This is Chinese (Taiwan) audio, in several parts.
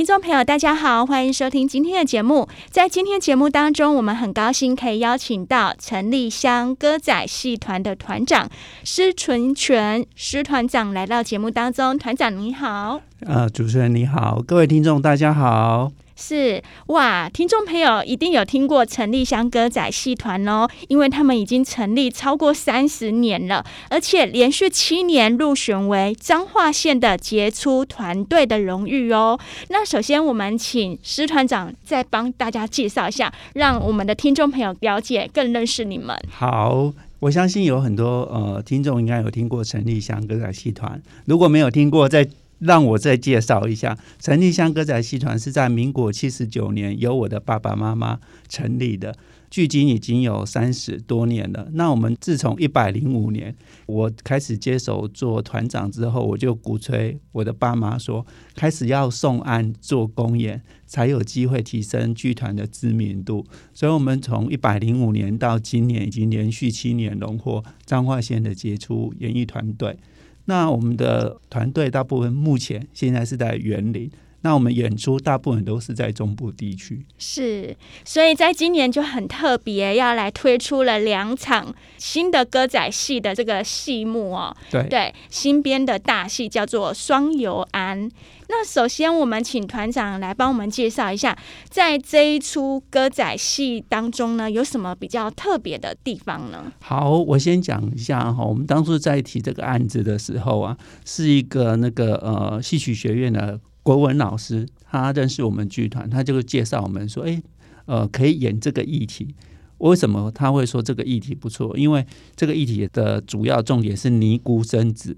聽眾朋友，大家好，歡迎收聽今天的節目。在今天的節目當中，我們很高興可以邀請到陳麗香歌仔戲團的團長施純權施團長來到節目當中。團長你好，呃，主持人你好，各位聽眾大家好。是哇，聽眾朋友一定有聽過陳麗香歌仔戲團哦，因為他們已經成立超過三十年了，而且連續七年入選為彰化縣的傑出團隊的榮譽哦。那首先我們請施團長再幫大家介紹一下，讓我們的聽眾朋友了解、更認識你們。好，我相信有很多呃聽眾應該有聽過陳麗香歌仔戲團，如果沒有聽過，在讓我再介紹一下，陳麗香歌仔戲團是在民國七十九年，由我的爸爸媽媽成立的，距今已經有三十多年了。那我們自從一百零五年我開始接手做團長之後，我就鼓吹我的爸媽說，開始要送案做公演，才有機會提升劇團的知名度。所以，我們從一百零五年到今年，已經連續七年榮獲彰化縣的傑出演藝團隊。那我們的團隊大部分目前現在是在員林。那我們演出大部分都是在中部地區，是，所以在今年就很特別，要來推出了兩場新的歌仔戲的這個戲目哦，對，對，新編的大戲叫做《雙遊庵》。那首先我們請團長來幫我們介紹一下，在這一出歌仔戲當中呢，有什麼比較特別的地方呢？好，我先講一下哈，我們當初在提這個案子的時候啊，是一個那個呃戲曲學院的。博文老師他認識我們劇團，他就介紹我們說，哎、欸，呃，可以演這個議題。為什麼他會說這個議題不錯？因為這個議題的主要重點是尼姑生子。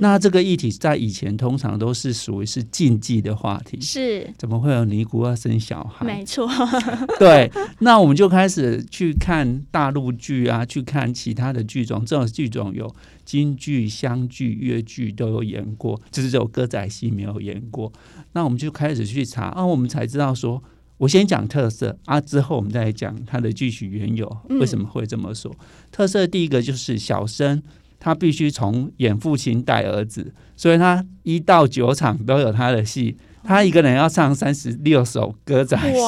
那這個議題在以前通常都是屬於是禁忌的話題，是？怎麼會有尼姑要生小孩？沒錯，對。那我們就開始去看大陸劇啊，去看其他的劇種，這種劇種有京劇、湘劇、粵劇都有演過，只、就是、有歌仔戲沒有演過。那我們就開始去查啊，我們才知道說，我先講特色啊，之後我們再講它的戲曲緣由，為什麼會這麼說？嗯、特色第一個就是小生。他必須從演父親帶兒子，所以他一到九場都有他的戲，他一個人要唱三十六首歌仔戲曲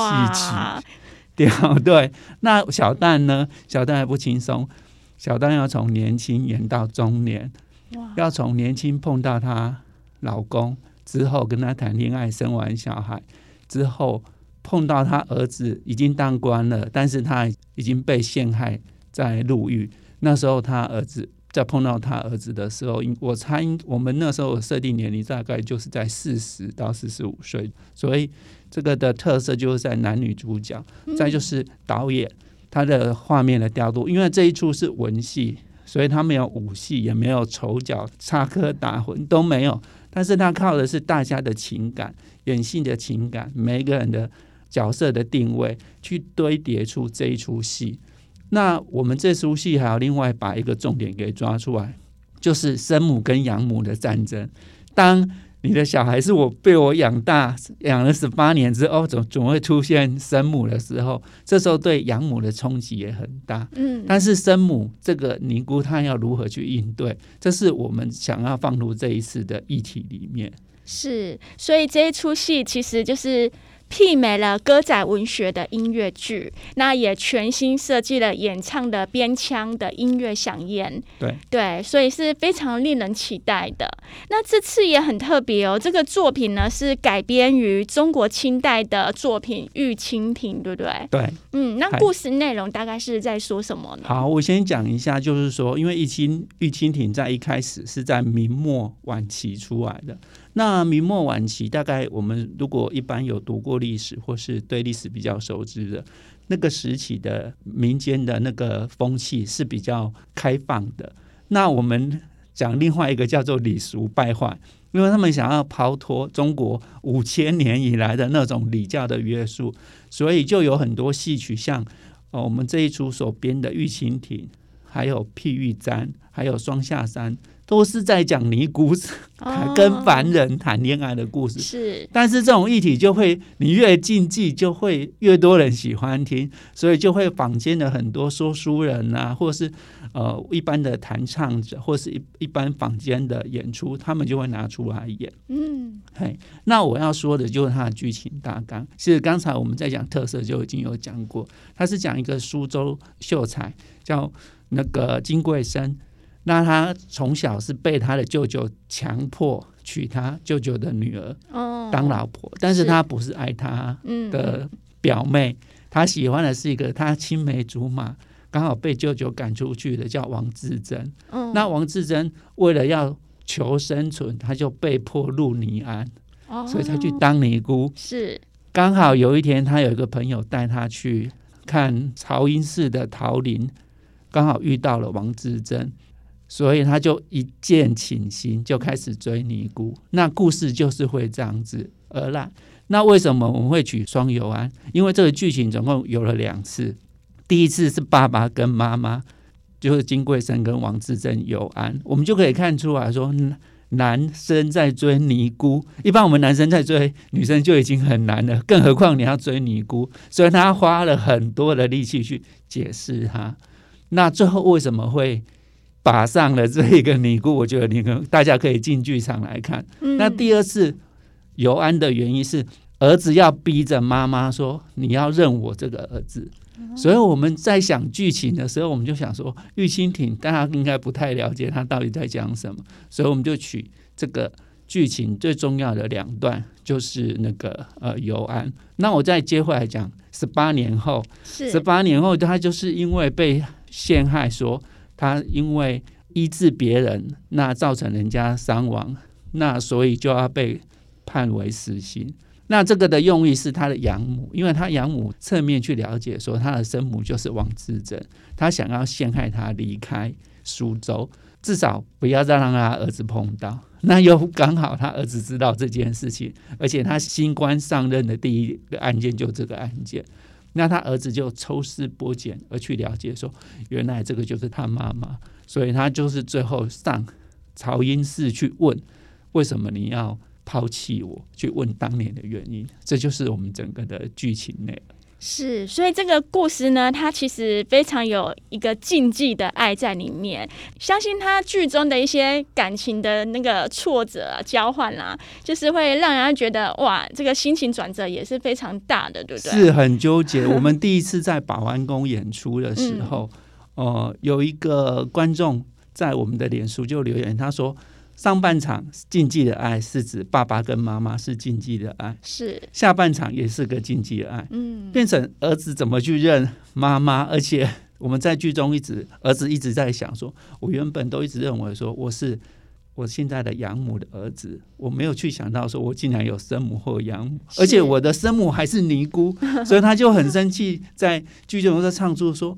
調。哇對，那小旦呢？小旦還不輕鬆，小旦要從年輕演到中年，哇要從年輕碰到他老公之後跟他談戀愛，生完小孩之後碰到他兒子已經當官了，但是他已經被陷害在入獄，那時候他兒子，在碰到他兒子的時候，我猜我們那時候設定年齡大概就是在四十到四十五歲，所以這個的特色就是在男女主角，再就是導演他的畫面的調度。因為這一出是文戲，所以他沒有武戲，也沒有丑角、插科打諢都沒有，但是他靠的是大家的情感、演戲的情感，每一個人的角色的定位去堆疊出這一出戲。那我們這出戲還要另外把一個重點給抓出來，就是生母跟養母的戰爭。當你的小孩是我被我養大，養了十八年之後，哦、總總會出現生母的時候，這時候對養母的衝擊也很大。嗯，但是生母這個尼姑她要如何去應對，這是我們想要放入這一次的議題裡面。是，所以這一出戲其實就是。媲美了歌仔文學的音樂劇，那也全新設計了演唱的編腔的音樂饗宴。對對，所以是非常令人期待的。那這次也很特別哦，這個作品呢是改編於中國清代的作品《玉蜻蜓》，對不對？對，嗯，那故事內容大概是在說什麼呢？好，我先講一下，就是說，因為清《玉蜻玉蜻蜓》在一開始是在明末晚期出來的。那明末晚期，大概我們如果一般有讀過。歷史或是對歷史比較熟知的那個時期的民間的那個風氣是比較開放的。那我們講另外一個叫做禮俗敗壞，因為他們想要拋脫中國五千年以來的那種禮教的約束，所以就有很多戲曲，像我們這一出所編的《玉蜻蜓》，還有《碧玉簪》，還有《雙下山》。都是在講尼姑跟凡人談戀愛的故事，哦、是，但是這種議題就會，你越禁忌，就會越多人喜歡聽，所以就會坊間的很多說書人啊，或是呃一般的彈唱者，或是一一般坊間的演出，他們就會拿出來演。嗯，嘿，那我要說的就是他的劇情大綱，其實剛才我們在講特色就已經有講過，他是講一個蘇州秀才叫那個金桂生。那他從小是被他的舅舅強迫娶他舅舅的女兒當老婆，哦、是，但是他不是愛他的表妹，嗯嗯、他喜歡的是一個他青梅竹馬，剛好被舅舅趕出去的叫王志真。哦、那王志真為了要求生存，他就被迫入尼庵，哦、所以他去當尼姑。是，剛好有一天他有一個朋友帶他去看曹英寺的桃林，剛好遇到了王志真。所以他就一見傾心，就開始追尼姑。那故事就是會這樣子而來。那為什麼我們會取雙遊庵？因為這個劇情總共有了兩次，第一次是爸爸跟媽媽，就是金桂生跟王志真遊庵。我們就可以看出來說，男生在追尼姑，一般我們男生在追女生就已經很難了，更何況你要追尼姑。所以他花了很多的力氣去解釋他，那最後為什麼會？把上了這一個尼姑，我覺得你可大家可以進劇場來看。嗯、那第二次遊庵的原因是兒子要逼着媽媽說你要認我這個兒子，所以我們在想劇情的時候，我們就想說玉蜻蜓大家應該不太了解他到底在講什麼，所以我們就取這個劇情最重要的兩段，就是那個呃遊庵。那我再接回來講，十八年後，十八是年後他就是因為被陷害說。他因為醫治別人，那造成人家傷亡，那所以就要被判為死刑。那這個的用意是他的養母，因為他養母側面去了解說，他的生母就是王志真。他想要陷害他離開蘇州，至少不要再讓他兒子碰到。那又剛好他兒子知道這件事情，而且他新官上任的第一個案件就是這個案件。那他兒子就抽絲剝繭而去了解，說原來這個就是他媽媽，所以他就是最後上朝陰寺去問，為什麼你要拋棄我？去問當年的原因，這就是我們整個的劇情內容。是，所以這個故事呢，它其實非常有一個禁忌的愛在裡面。相信它劇中的一些感情的那個挫折啊、交換啦、啊，就是會讓人家覺得哇，這個心情轉折也是非常大的，對不對？是很糾結。我們第一次在保安宮演出的時候， 嗯、呃，有一個觀眾在我們的臉書就留言，他說，上半場禁忌的愛是指爸爸跟媽媽是禁忌的愛，是下半場也是個禁忌的愛，嗯，變成兒子怎麼去認媽媽？而且我們在劇中一直兒子一直在想說，我原本都一直認為說我是我現在的養母的兒子，我沒有去想到說我竟然有生母或養母，是而且我的生母還是尼姑，呵呵，所以他就很生氣，在劇中在唱出說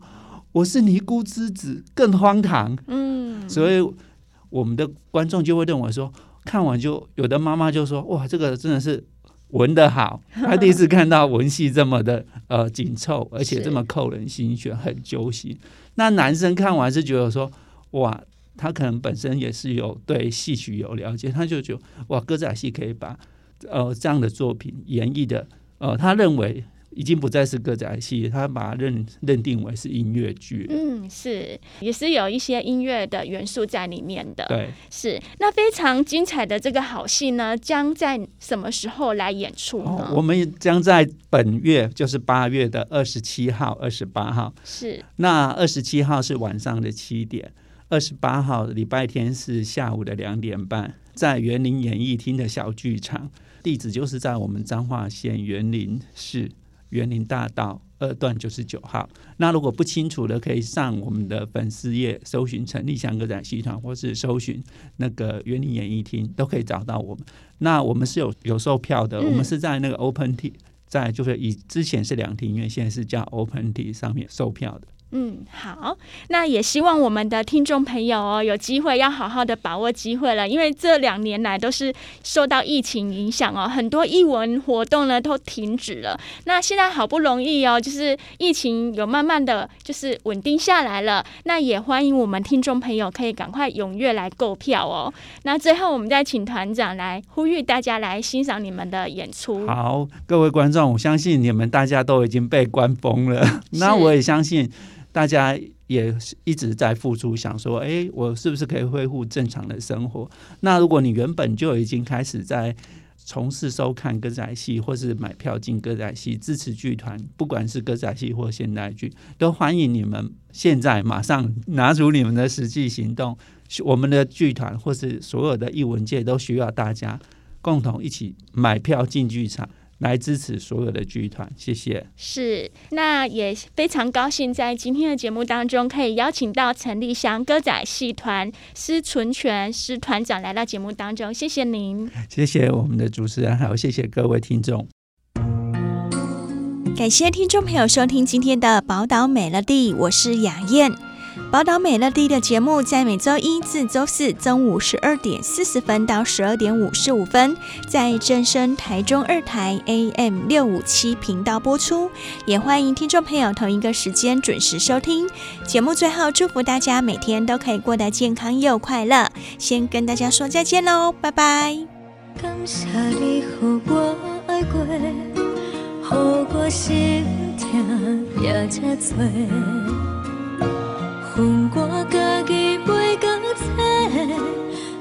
我是尼姑之子更荒唐，嗯，所以。我們的觀眾就會認為說，看完就有的媽媽就說：“哇，這個真的是文的好，她第一次看到文戲這麼的 呃緊湊，而且這麼扣人心弦，很揪心。” 那男生看完是覺得說：“哇，他可能本身也是有對戲曲有了解，他就覺得哇，歌仔戲可以把呃這樣的作品演繹的呃，他認為。”已經不再是歌仔戲，他把它認認定為是音樂劇。嗯，是，也是有一些音樂的元素在裡面的。對，是。那非常精彩的這個好戲呢，將在什麼時候來演出呢？哦，我們將在本月，就是八月的二十七號、二十八號。是。那二十七號是晚上的七點，二十八號禮拜天是下午的兩點半，在員林演藝廳的小劇場，地址就是在我們彰化縣員林市。園林大道二段九十九號。那如果不清楚的，可以上我們的粉絲頁搜尋陳麗香歌仔戲團，或是搜尋那個園林演藝廳，都可以找到我們。那我們是有有售票的，嗯、我們是在那個 Open T，在就是以之前是兩廳院，現在是叫 Open T 上面售票的。嗯，好，那也希望我們的聽眾朋友哦，有機會要好好的把握機會了，因為這兩年來都是受到疫情影響哦，很多藝文活動呢都停止了。那現在好不容易哦，就是疫情有慢慢的就是穩定下來了，那也歡迎我們聽眾朋友可以趕快踴躍來購票哦。那最後我們再請團長來呼籲大家來欣賞你們的演出。好，各位觀眾，我相信你們大家都已經被關瘋了， 那我也相信。大家也一直在付出，想說：“哎、欸，我是不是可以恢復正常的生活？”那如果你原本就已經開始在從事收看歌仔戲，或是買票進歌仔戲支持劇團，不管是歌仔戲或現代劇，都歡迎你們現在馬上拿出你們的實際行動。我們的劇團或是所有的藝文界都需要大家共同一起買票進劇場。來支持所有的劇團，謝謝。是，那也非常高興在今天的節目當中可以邀請到陳麗香歌仔戲團施純權施團長來到節目當中，謝謝您。謝謝我們的主持人。好，好謝謝各位聽眾，感謝聽眾朋友收聽今天的寶島美樂地，我是雅燕。寶島美樂蒂的節目在每周一至周四中午十二點四十分到十二點五十五分在，在正聲台中二台 AM 六五七頻道播出，也歡迎聽眾朋友同一個時間準時收聽。節目最後祝福大家每天都可以過得健康又快樂，先跟大家說再見嘍，拜拜。心跳要加醉